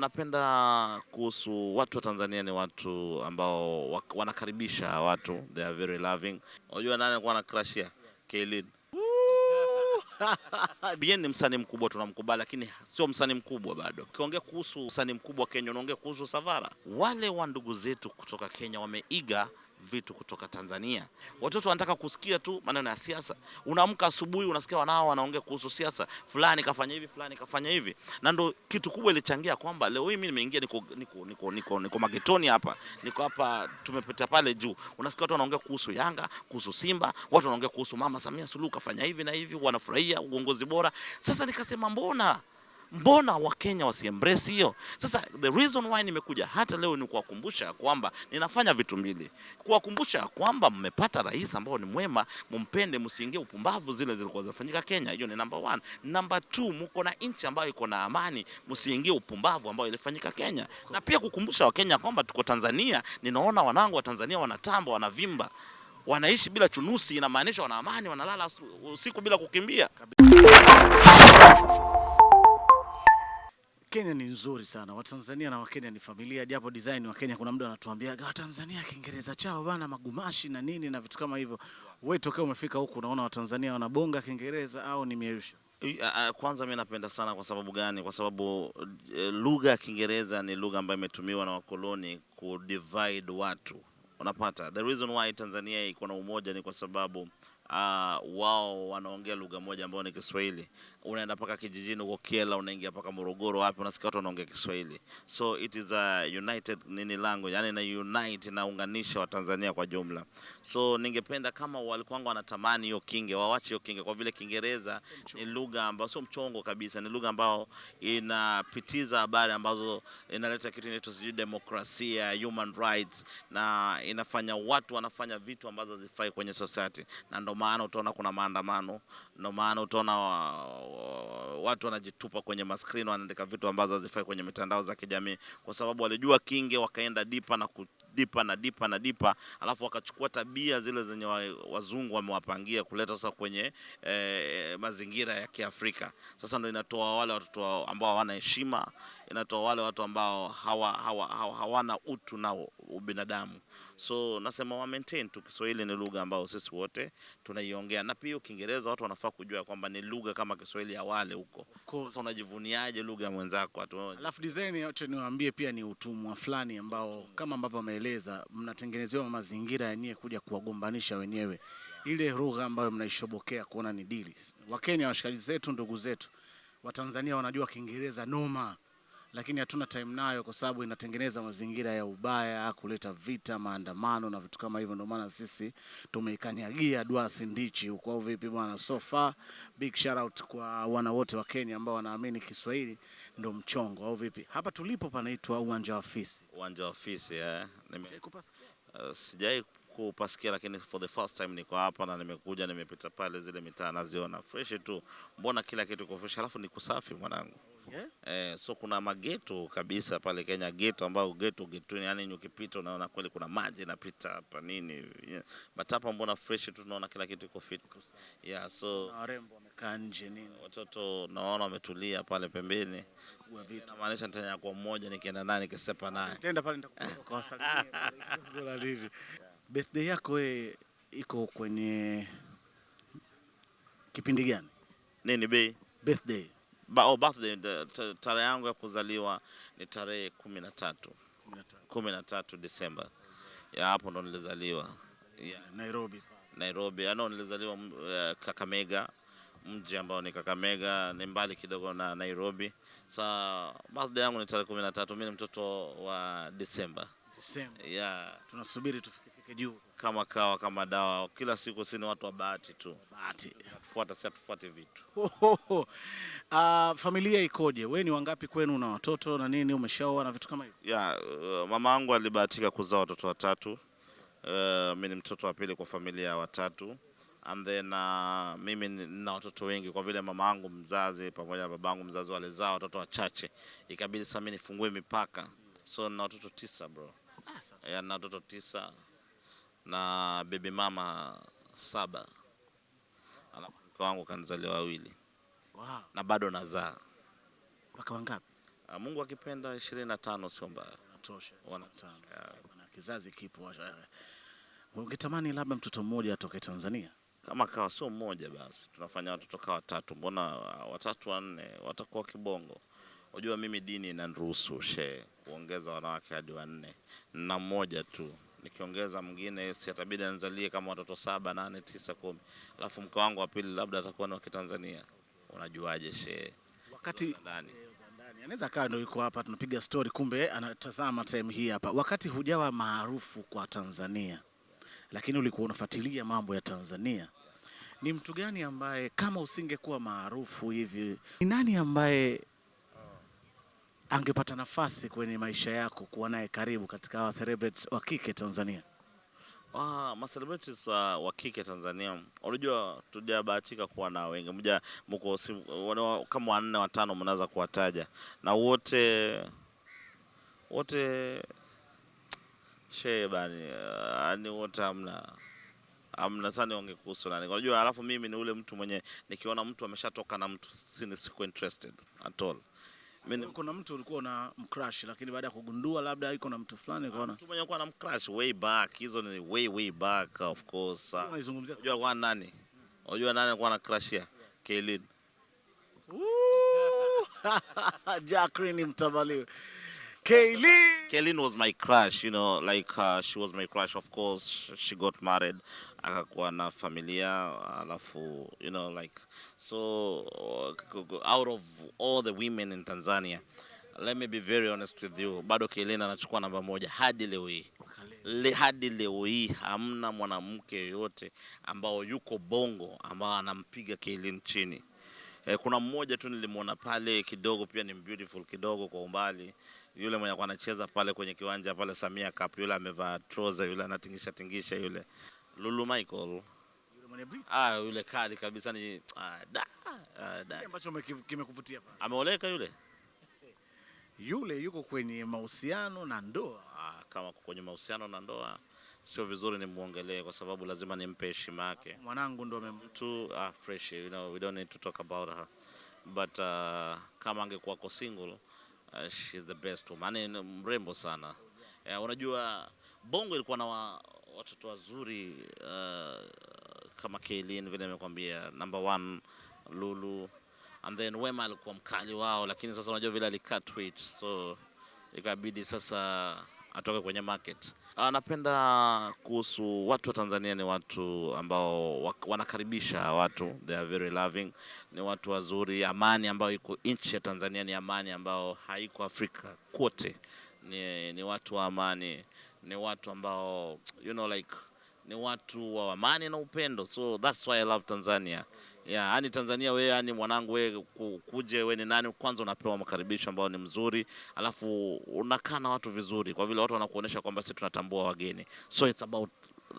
napenda kuhusu watu wa Tanzania ni watu ambao wanakaribisha watu, they are very loving. Unajua nani alikuwa ya Kaylin Bien ni msanii mkubwa tunamkubali, lakini sio msanii mkubwa bado. Ukiongea kuhusu msanii mkubwa Kenya, unaongea kuhusu Savara. Wale wa ndugu zetu kutoka Kenya wameiga vitu kutoka Tanzania. Watoto wanataka kusikia tu maneno ya siasa. Unaamka asubuhi unasikia wanao wanaongea kuhusu siasa, fulani kafanya hivi, fulani kafanya hivi, na ndo kitu kubwa ilichangia kwamba leo hii mimi nimeingia, niko, niko, niko, niko, niko magetoni hapa, niko hapa, tumepita pale juu, unasikia watu wanaongea kuhusu Yanga, kuhusu Simba, watu wanaongea kuhusu Mama Samia Suluhu kafanya hivi na hivi, wanafurahia uongozi bora. Sasa nikasema mbona Mbona Wakenya wasiembrace hiyo? Sasa the reason why nimekuja hata leo ni kuwakumbusha ya kwamba ninafanya vitu mbili, kuwakumbusha ya kwamba mmepata rais ambao ni mwema, mumpende, msiingie upumbavu zile zilikuwa zinafanyika Kenya. Hiyo ni number one. Number two, mko na nchi ambayo iko na amani, msiingie upumbavu ambayo ilifanyika Kenya, na pia kukumbusha Wakenya kwamba tuko Tanzania. Ninaona wanangu wa Tanzania wanatamba, wanavimba wanaishi bila chunusi, inamaanisha wana amani, wanalala usiku bila kukimbia. Kenya ni nzuri sana. Watanzania na Wakenya ni familia, japo design wa Kenya kuna mtu anatuambiaga Watanzania Kiingereza chao bana magumashi na nini na vitu kama hivyo. Wewe tokea umefika huku unaona Watanzania wanabonga Kiingereza au ni mieusho? Kwanza mimi napenda sana. Kwa sababu gani? Kwa sababu e, lugha ya Kiingereza ni lugha ambayo imetumiwa na wakoloni ku divide watu. Unapata the reason why Tanzania iko na umoja ni kwa sababu uh, wao wanaongea lugha moja ambayo ni Kiswahili. Unaenda paka kijijini huko Kiela, unaingia paka Morogoro, wapi unasikia watu wanaongea Kiswahili. So it is a united nini language, yani na unite na unganisha wa Tanzania kwa jumla. So ningependa kama walikuwa wangu wanatamani hiyo kinge, waache hiyo kinge, kwa vile Kiingereza ni lugha ambayo sio mchongo kabisa, ni lugha ambayo inapitiza habari ambazo inaleta kitu inaitwa sijui demokrasia, human rights na inafanya watu wanafanya vitu ambazo hazifai kwenye society na ndio maana utaona kuna maandamano, ndio maana utaona wa, uh, wa, watu wanajitupa kwenye maskrini wanaandika vitu ambazo hazifai kwenye mitandao za kijamii, kwa sababu walijua kinge, wakaenda dipa na ku deeper na deeper na deeper, alafu wakachukua tabia zile zenye wazungu wamewapangia kuleta sasa kwenye eh, mazingira ya Kiafrika. Sasa ndio inatoa wale watoto ambao hawana heshima, inatoa wale watu ambao hawa, hawa, hawa, hawana utu na ubinadamu. So nasema wa maintain tu. Kiswahili ni lugha ambayo sisi wote tunaiongea, na pia Kiingereza watu wanafaa kujua kwamba ni lugha kama Kiswahili ya wale huko. Of course, unajivuniaje lugha ya mwenzako? Alafu design yote niwaambie pia ni utumwa fulani ambao kama ambavyo wameeleza kujiendeleza, mnatengenezewa mazingira yenyewe kuja kuwagombanisha wenyewe, ile lugha ambayo mnaishobokea kuona ni dili. Wakenya washikaji zetu, ndugu zetu Watanzania wanajua Kiingereza noma lakini hatuna time nayo kwa sababu inatengeneza mazingira ya ubaya, kuleta vita, maandamano na vitu kama hivyo. Ndio maana sisi tumeikanyagia Duasi Ndichi uko au vipi bwana? So far big shout out kwa wana wote wa Kenya ambao wanaamini Kiswahili ndo mchongo au vipi. Hapa tulipo panaitwa uwanja wa ofisi, uwanja wa ofisi eh. eh, sijai kupasikia lakini for the first time niko hapa na nimekuja, nimepita pale, zile mitaa naziona fresh tu, mbona kila kitu kiko fresh, alafu ni kusafi mwanangu yeah. Eh, so kuna mageto kabisa pale Kenya, geto ambao geto getoni, yani ukipita unaona kweli kuna maji napita hapa nini yeah. But hapa mbona fresh tu, tunaona kila kitu iko fit yeah, so warembo wamekaa nje nini, watoto naona wametulia pale pembeni, kwa vitu maanisha nitanya kwa mmoja, nikienda naye nikisepa naye nitaenda pale kwa nitakuwasalimia. Birthday yako wewe iko kwenye kipindi gani? Nini bei birthday oh, birthday tarehe yangu ya kuzaliwa ni tarehe kumi na tatu kumi na tatu Desemba ya hapo ndo nilizaliwa yeah. Nairobi, Nairobi ano nilizaliwa uh, Kakamega mji ambao ni Kakamega ni mbali kidogo na Nairobi. Sa birthday yangu ni tarehe kumi na tatu. Mimi ni mtoto wa Desemba. Desemba. Yeah. Tunasubiri tufike juu kama kawa kama dawa. Kila siku sini watu wa bahati tu, bahati fuata si tufuate vitu Uh, familia ikoje? Wewe ni wangapi kwenu? Una watoto na nini? Umeshaoa na vitu kama hivyo? Yeah, uh, mama yangu alibahatika kuzaa watoto watatu. Uh, mimi ni mtoto wa pili kwa familia watatu and then uh, mimi nina watoto wengi kwa vile mama yangu mzazi pamoja na babangu mzazi walizaa watoto wachache, ikabidi sasa mimi nifungue mipaka, so na watoto tisa bro. Ah, yeah, watoto tisa na bibi mama saba, alafu mke wangu kanizalia wawili. Wow. na bado nazaa mpaka wangapi? Ah, Mungu akipenda ishirini na tano, sio mbaya. Kizazi kipo. Eh. Ungetamani labda mtoto mmoja atoke Tanzania kama kawa, sio mmoja basi, tunafanya watoto kawa watatu, mbona ah, watatu wanne watakuwa kibongo. Unajua mimi dini inaniruhusu she kuongeza wanawake hadi wanne na mmoja tu nikiongeza mwingine siatabidi anzalie kama watoto saba, nane, tisa, kumi. Alafu mke wangu wa pili labda atakuwa ni wa Kitanzania, unajuaje? Shehe wakati anaweza akawa ndio yuko hapa tunapiga story, kumbe anatazama time hii hapa. Wakati hujawa maarufu kwa Tanzania, lakini ulikuwa unafuatilia mambo ya Tanzania, ni mtu gani ambaye kama usingekuwa maarufu hivi, ni nani ambaye angepata nafasi kwenye maisha yako kuwa naye karibu katika wa celebrities wa kike Tanzania? Ah, celebrities wa, wa kike Tanzania, unajua tujabahatika kuwa na wengi, mja mko kama wanne watano, mnaweza kuwataja na wote wote shee bani, ani wote hamna amna sana onge kuhusu nani. Unajua, alafu mimi ni ule mtu mwenye nikiona mtu ameshatoka na mtu sini, siko interested at all. Mene... Kuna mtu ulikuwa na mcrush lakini baada ya kugundua labda iko na mtu fulani ah, ukaona. Mtu mwenye alikuwa na mcrush way back, hizo ni way way back of course. Unaizungumzia unajua kwa nani? Unajua nani alikuwa na crush ya Kaylin. Jacqueline mtabaliwe. Kaylin. Kaylin was my crush, you know, like uh, she was my crush of course. She got married. Akakuwa na familia alafu you know like So out of all the women in Tanzania, let me be very honest with you, bado Kelena anachukua namba moja hadi leo hii. Le, hadi leo hii hamna mwanamke yoyote ambao yuko Bongo ambao anampiga Kelin chini. E, kuna mmoja tu nilimwona pale kidogo, pia ni beautiful kidogo kwa umbali, yule mwenye kwa anacheza pale kwenye kiwanja pale Samia Cup, yule amevaa trouser, yule anatingisha tingisha, yule Lulu Michael Ah, yule kali kabisa ni ah, da, ah, da. Ambacho kimekuvutia pale. Ameoleka yule? Yule yuko kwenye mahusiano na ndoa. Ah, kama kwenye mahusiano na ndoa sio vizuri nimwongelee kwa sababu lazima nimpe heshima yake. Mwanangu ndo amemtu ah, fresh, you know, we don't need to talk about her. But uh, kama angekuwako single uh, she's the best woman. Yaani, mrembo sana. Yeah, unajua Bongo ilikuwa na watoto wazuri uh, kama Kaylin vile nimekwambia, number one Lulu and then Wema alikuwa mkali wao, lakini sasa unajua vile alicut weight, so ikabidi sasa atoke kwenye market. Anapenda ah, kuhusu watu wa Tanzania, ni watu ambao wanakaribisha watu, they are very loving, ni watu wazuri. Amani ambayo iko nchi ya Tanzania ni amani ambayo haiko Afrika kote, ni, ni watu wa amani, ni watu ambao you know like ni watu wa amani na upendo, so that's why I love Tanzania. Yeah, yani Tanzania wewe, yani mwanangu wewe, kuje we ni nani, kwanza unapewa makaribisho ambayo ni mzuri, alafu unakaa na watu vizuri, kwa vile watu wanakuonyesha kwamba sisi tunatambua wageni, so it's about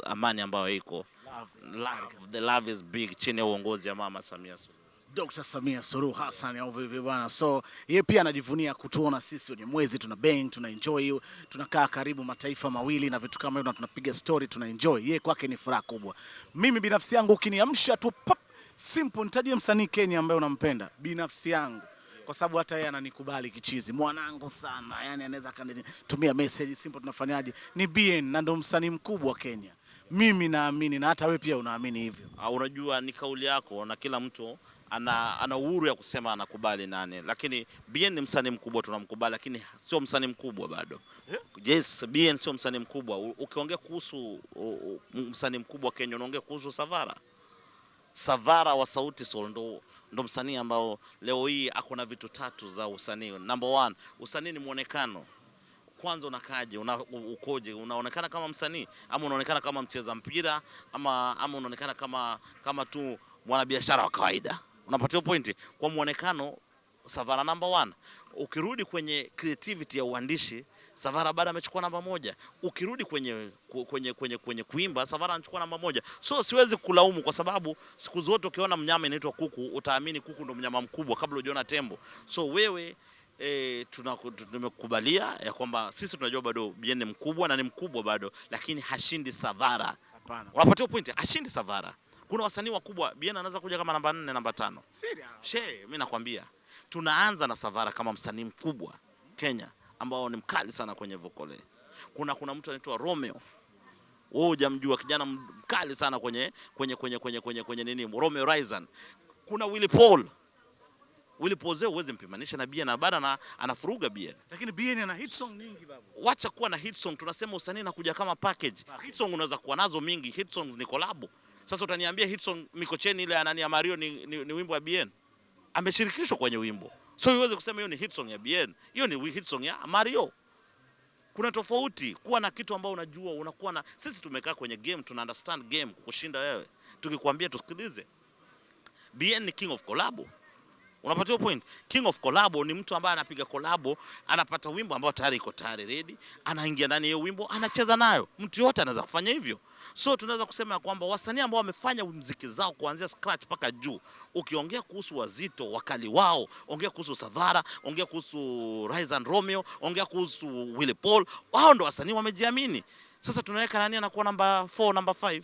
amani ambayo iko love, love, the love is big chini ya uongozi ya Mama Samia Suluhu Dr. Samia Suluhu Hassan au vipi bwana? So yeye pia anajivunia kutuona sisi wenye mwezi tuna bang, tuna enjoy, tunakaa karibu mataifa mawili na vitu kama hivyo, na tunapiga story, tuna enjoy. Yeye kwake ni furaha kubwa. Mimi binafsi yangu ukiniamsha tu pop simple nitajie msanii Kenya ambaye unampenda binafsi yangu kwa sababu hata yeye ananikubali kichizi, mwanangu sana, yani anaweza akanitumia message simple, tunafanyaje? Ni BN na ndo msanii mkubwa Kenya. Mimi naamini na hata wewe pia unaamini hivyo. Ah, unajua, ni kauli yako na kila mtu ana, ana uhuru ya kusema anakubali nani, lakini BN ni msanii mkubwa, tunamkubali, lakini sio msanii mkubwa bado yeah. Yes, BN sio msanii mkubwa. Ukiongea kuhusu msanii mkubwa Kenya, unaongea kuhusu Savara Savara wa Sauti Sol ndo, ndo msanii ambao leo hii ako na vitu tatu za usanii. Number one, usanii ni mwonekano kwanza unakaje, una, ukoje, unaonekana kama msanii ama unaonekana kama mcheza mpira ama, ama unaonekana kama, kama tu mwanabiashara wa kawaida unapatiwa pointi kwa muonekano Savara namba one. Ukirudi kwenye creativity ya uandishi Savara bado amechukua namba moja. Ukirudi kwenye, kwenye, kwenye, kwenye kuimba Savara anachukua namba moja, so siwezi kulaumu kwa sababu siku zote ukiona mnyama inaitwa kuku utaamini kuku ndo mnyama mkubwa kabla hujaona tembo. So wewe E, tumekubalia ya kwamba sisi tunajua bado Bien ni mkubwa na ni mkubwa bado, lakini hashindi Savara. Hapana, unapatiwa pointi, hashindi Savara kuna wasanii wakubwa Bien anaweza kuja kama namba 4 namba tano. She, mimi nakwambia tunaanza na Savara kama msanii mkubwa Kenya ambao ni mkali sana kwenye vokole. Kuna kuna mtu anaitwa Romeo. Wewe hujamjua kijana mkali sana kwenye kwenye kwenye kwenye kwenye, kwenye nini? Romeo Ryzan. Kuna Willy Paul. Willy Paul zao uweze mpimanisha na Bien na bado na anafuruga Bien. Lakini Bien ana hit song nyingi babu. Wacha kuwa na hit song, tunasema usanii na kuja kama package. Hit song unaweza kuwa nazo mingi, hit songs ni collab. Sasa utaniambia hit song Mikocheni ile ya nani ya Mario ni, ni, ni wimbo wa BN? Ameshirikishwa kwenye wimbo. So uweze kusema hiyo ni hit song ya BN. Hiyo ni hit song ya Mario. Kuna tofauti kuwa na kitu ambao unajua unakuwa na sisi tumekaa kwenye game tuna understand game kushinda wewe. Tukikwambia tusikilize. BN ni king of collab. Unapatiwa point. King of collab ni mtu ambaye anapiga collab, anapata wimbo ambao tayari iko tayari ready, anaingia ndani ya wimbo, anacheza nayo. Mtu yote anaweza kufanya hivyo. So tunaweza kusema kwamba wasanii ambao wamefanya muziki zao kuanzia scratch mpaka juu, ukiongea kuhusu Wazito, wakali wao, ongea kuhusu Savara, ongea kuhusu Rise and Romeo, ongea kuhusu Willy Paul, wao ndo wasanii wamejiamini. Sasa tunaweka nani anakuwa namba 4, namba 5?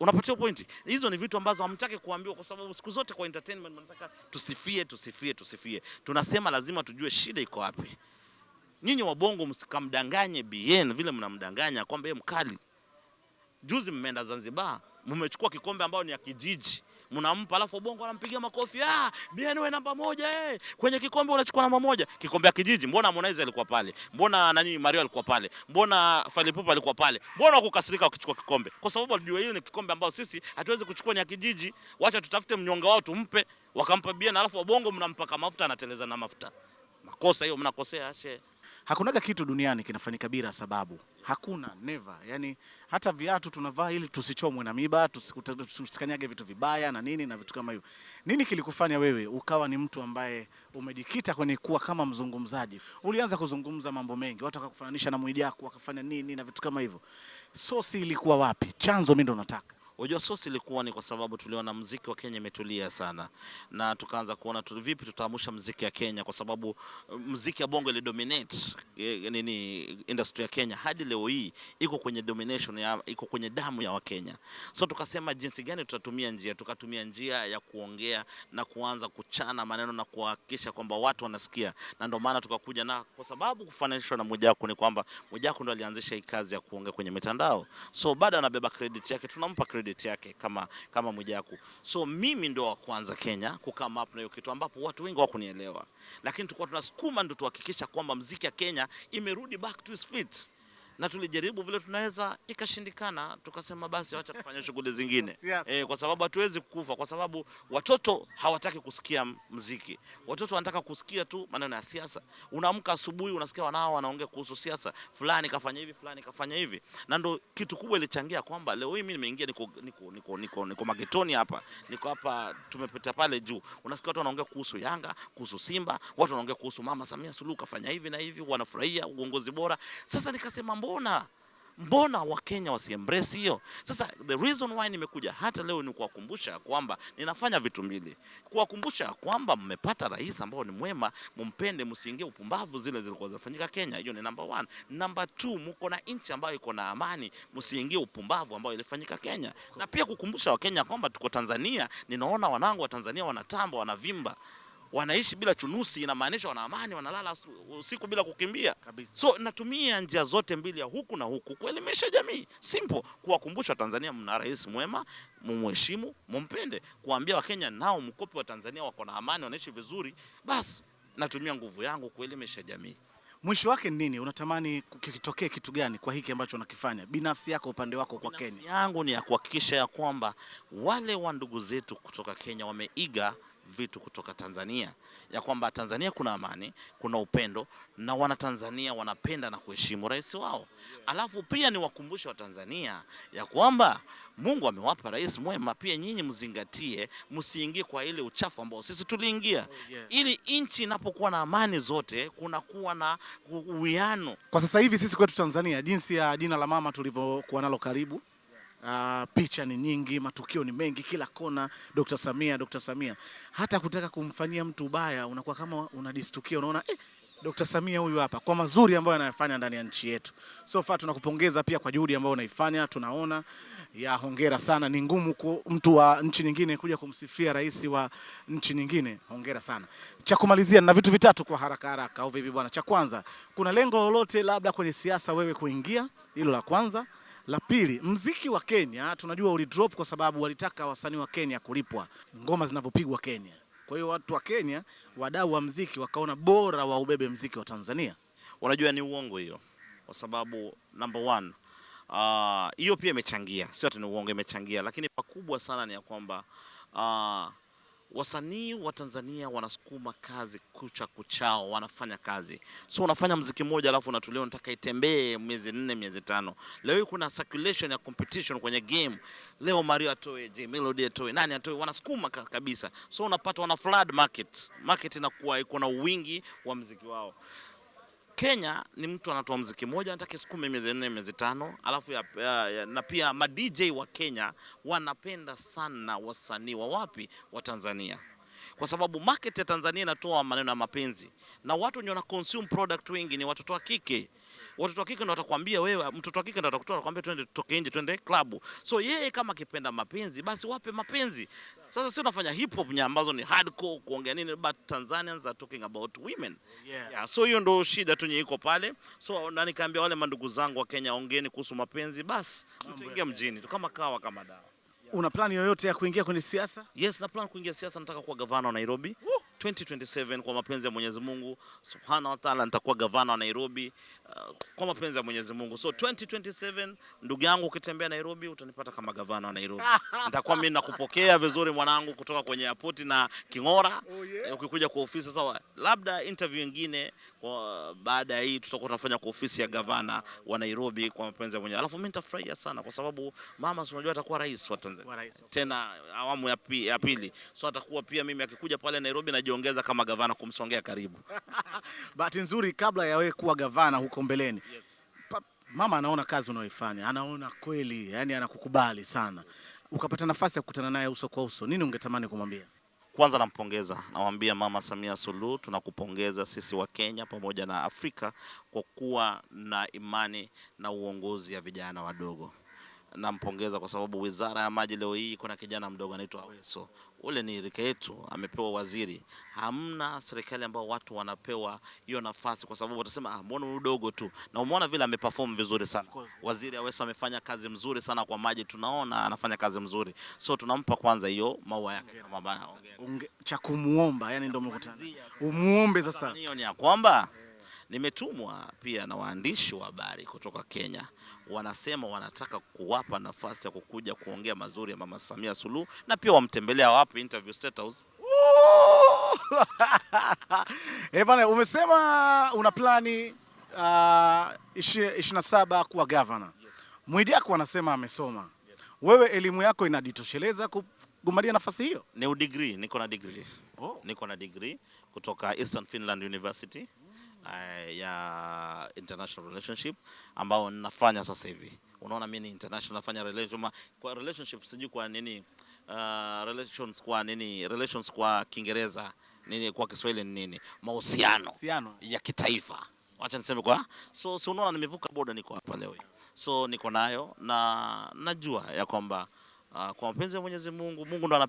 Unapatia pointi. Hizo ni vitu ambazo hamtaki kuambiwa, kwa sababu siku zote kwa entertainment mnataka tusifie, tusifie, tusifie. Tunasema lazima tujue shida iko wapi. Nyinyi wabongo msikamdanganye BN vile mnamdanganya kwamba yeye mkali. Juzi mmeenda Zanzibar, mmechukua kikombe ambao ni ya kijiji mnampa, alafu Ubongo anampigia makofi, ah, Bien wewe namba moja eh. Kwenye kikombe unachukua namba moja, kikombe ya kijiji. Mbona Harmonize alikuwa pale? Mbona nani Mario alikuwa pale? Mbona Falipupa alikuwa pale? Mbona wakukasirika wakichukua kikombe? Kwa sababu alijua hiyo ni kikombe ambao sisi hatuwezi kuchukua, ni ya kijiji. Wacha tutafute mnyonga wao tumpe, wakampa Bien, alafu Ubongo mnampa kama mafuta, anateleza na mafuta. Makosa hiyo mnakosea, she. Hakunaga kitu duniani kinafanyika bila sababu. Hakuna, never. Yani hata viatu tunavaa ili tusichomwe na miba, tusikanyage vitu vibaya na nini na vitu kama hivyo. Nini kilikufanya wewe ukawa ni mtu ambaye umejikita kwenye kuwa kama mzungumzaji? Ulianza kuzungumza mambo mengi, watu wakakufananisha na Mwijaku, wakafanya nini na vitu kama hivyo. Sosi ilikuwa wapi? Chanzo mimi ndo nataka Unajua sosi ilikuwa ni kwa sababu tuliona mziki wa Kenya imetulia sana, na tukaanza kuona tu vipi tutaamsha mziki ya Kenya, kwa sababu eh, mziki ya bongo ile dominate eh, nini industry ya Kenya hadi leo hii iko kwenye domination ya, iko kwenye damu ya Wakenya. So tukasema jinsi gani tutatumia njia, tukatumia njia ya kuongea na kuanza kuchana maneno na kuhakikisha kwamba watu wanasikia, na ndio maana tukakuja na, kwa sababu kufananishwa na Mwijaku ni kwamba Mwijaku ndo alianzisha hii kazi ya kuongea kwenye mitandao, so bado anabeba credit yake, tunampa credit credit yake kama, kama Mwijaku. So mimi ndo wa kwanza Kenya kukama up na hiyo kitu ambapo watu wengi hawakunielewa, lakini tulikuwa tunasukuma ndo tuhakikisha kwamba mziki ya Kenya imerudi back to its feet na tulijaribu vile tunaweza, ikashindikana, tukasema basi wacha tufanye shughuli zingine e, kwa sababu hatuwezi kufa, kwa sababu watoto hawataki kusikia mziki, watoto wanataka kusikia tu maneno ya siasa. Unaamka asubuhi unasikia wanao wanaongea kuhusu siasa, fulani kafanya hivi, fulani kafanya hivi, na ndo kitu kubwa ilichangia kwamba leo hii mimi nimeingia, niko niko niko niko, niko magetoni hapa, niko hapa, tumepita pale juu, unasikia watu wanaongea kuhusu Yanga, kuhusu Simba, watu wanaongea kuhusu Mama Samia Suluhu kafanya hivi na hivi, wanafurahia uongozi bora. Sasa nikasema mbona mbona Wakenya wasiembrace hiyo? Sasa the reason why nimekuja hata leo ni kuwakumbusha ya kwamba ninafanya vitu mbili, kuwakumbusha ya kwamba mmepata rais ambao ni mwema, mumpende, msiingie upumbavu zile zilikuwa zinafanyika Kenya. Hiyo ni number one. Number two, na nchi ambayo iko na amani, msiingie upumbavu ambao ilifanyika Kenya, na pia kukumbusha Wakenya kwamba tuko Tanzania. Ninaona wanangu wa Tanzania wanatamba, wanavimba wanaishi bila chunusi, inamaanisha wana amani, wanalala usiku bila kukimbia kabisa. So natumia njia zote mbili ya huku na huku kuelimisha jamii, simple, kuwakumbusha Tanzania mna rais mwema, mumheshimu, mumpende, kuambia Wakenya nao mkopi wa Tanzania wako na amani, wanaishi vizuri. Basi natumia nguvu yangu kuelimisha jamii. Mwisho wake nini? Unatamani kukitokee kitu gani kwa hiki ambacho unakifanya binafsi yako upande wako kwa Kenya? yangu ni ya kuhakikisha ya kwamba wale wa ndugu zetu kutoka Kenya wameiga vitu kutoka Tanzania ya kwamba Tanzania kuna amani, kuna upendo na Wanatanzania wanapenda na kuheshimu rais wao. Alafu pia ni wa Watanzania ya kwamba Mungu amewapa rais mwema, pia nyinyi mzingatie, msiingie kwa ile uchafu ambao sisi tuliingia. Ili nchi inapokuwa na amani zote kunakuwa na uwiano. Kwa sasa hivi sisi kwetu Tanzania, jinsi ya jina la mama tulivyokuwa nalo karibu Uh, picha ni nyingi, matukio ni mengi, kila kona Dr. Samia, Dr. Samia. Hata kutaka kumfanyia mtu ubaya unakuwa kama unadistukia, unaona eh, Dr. Samia huyu hapa kwa mazuri ambayo anayofanya ndani ya nchi yetu. So far tunakupongeza pia kwa juhudi ambayo unaifanya, tunaona ya hongera sana. Ni ngumu mtu wa nchi nyingine kuja kumsifia rais wa nchi nyingine, hongera sana. Cha kumalizia na vitu vitatu kwa haraka haraka au vipi bwana? Cha kwanza, kuna lengo lolote labda kwenye siasa wewe kuingia? Hilo la kwanza. La pili, mziki wa Kenya tunajua ulidrop kwa sababu walitaka wasanii wa Kenya kulipwa ngoma zinavyopigwa Kenya. Kwa hiyo watu wa Kenya, wadau wa mziki, wakaona bora waubebe mziki wa Tanzania. Unajua ni uongo hiyo, kwa sababu number one ah, hiyo uh, pia imechangia, sio tu ni uongo, imechangia, lakini pakubwa sana ni ya kwamba uh, wasanii wa Tanzania wanasukuma kazi kucha kuchao, wanafanya kazi. So unafanya mziki mmoja alafu unatulia, unataka itembee miezi nne, miezi tano. Leo hii kuna circulation ya competition kwenye game. Leo Mario atoe, je Melody atoe, nani atoe, wanasukuma kabisa. So unapata wana flood market, market inakuwa iko na wingi wa mziki wao. Kenya ni mtu anatoa mziki moja kesi isukume miezi nne miezi tano, alafu ya, ya, ya, na pia ma DJ wa Kenya wanapenda sana wasanii wa wapi wa Tanzania kwa sababu market ya Tanzania inatoa maneno ya mapenzi na watu wenye wana consume product wengi ni watoto wa kike. Watoto wa kike ndio watakwambia wewe, mtoto wa kike ndio atakutoa atakwambia twende tutoke nje twende club. So yeye kama akipenda mapenzi basi wape mapenzi. Sasa sio unafanya hip hop nya ambazo ni hardcore kuongea nini, but Tanzanians are talking about women. Yeah. Yeah, so hiyo ndio shida tu iko pale. So na nikaambia wale mandugu zangu wa Kenya, ongeeni kuhusu mapenzi basi, mtuingia mjini tu kama kawa kama dawa. Una plani yoyote ya kuingia kwenye siasa? Yes, na plan kuingia siasa, nataka kuwa gavana wa Nairobi. Woo! 2027 kwa mapenzi ya Mwenyezi Mungu Subhana wa Ta'ala, nitakuwa gavana wa Nairobi uh, kwa mapenzi ya Mwenyezi Mungu. So 2027 ndugu yangu, ukitembea Nairobi utanipata kama gavana wa Nairobi. Nitakuwa mimi nakupokea vizuri mwanangu, kutoka kwenye airport na king'ora. Oh, yeah. Eh, ukikuja kwa ofisi sawa, labda interview nyingine kwa baada ya hii tutakuwa tunafanya kwa ofisi ya gavana wa Nairobi kwa mapenzi ya Mwenyezi. Alafu mimi nitafurahia sana kwa sababu mama, unajua atakuwa rais wa Tanzania tena awamu ya pili, so atakuwa pia mimi akikuja pale Nairobi na amejiongeza kama gavana kumsongea karibu. Bahati nzuri kabla ya wewe kuwa gavana huko mbeleni, yes. mama anaona kazi unayoifanya, anaona kweli, yani anakukubali sana. Ukapata nafasi ya kukutana naye uso kwa uso, nini ungetamani kumwambia? Kwanza nampongeza, namwambia Mama Samia Suluhu, tunakupongeza sisi wa Kenya pamoja na Afrika kwa kuwa na imani na uongozi ya vijana wadogo nampongeza kwa sababu wizara ya maji leo hii kuna kijana mdogo anaitwa Aweso, ule ni rika yetu, amepewa waziri. Hamna serikali ambao watu wanapewa hiyo nafasi, kwa sababu watasema ah, mbona mdogo tu, na umeona vile ameperform vizuri sana. Waziri Aweso amefanya kazi mzuri sana kwa maji, tunaona anafanya kazi mzuri, so tunampa kwanza hiyo maua yake cha kumuomba, yani ndio mkutano umuombe sasa, hiyo ni ya kwamba Nimetumwa pia na waandishi wa habari kutoka Kenya, wanasema wanataka kuwapa nafasi ya kukuja kuongea mazuri ya Mama Samia Suluhu na pia wamtembelea wapi interview House. Eh, bana umesema una plani uh, 27 kuwa mwidi yako anasema amesoma. Wewe elimu yako inajitosheleza kugombania nafasi hiyo? Ni udigrii, niko na degree. Oh. Niko na degree kutoka Eastern Finland University. Eh, ya international relationship ambao nafanya sasa hivi. Unaona mimi ni international nafanya relationship kwa relationship sijui kwa nini uh, relations kwa nini relations kwa Kiingereza nini kwa Kiswahili ni nini? Mahusiano ya kitaifa. Wacha niseme kwa so si unaona nimevuka border niko hapa leo. So niko nayo na najua ya kwamba uh, kwa mapenzi ya Mwenyezi Mungu Mungu ndo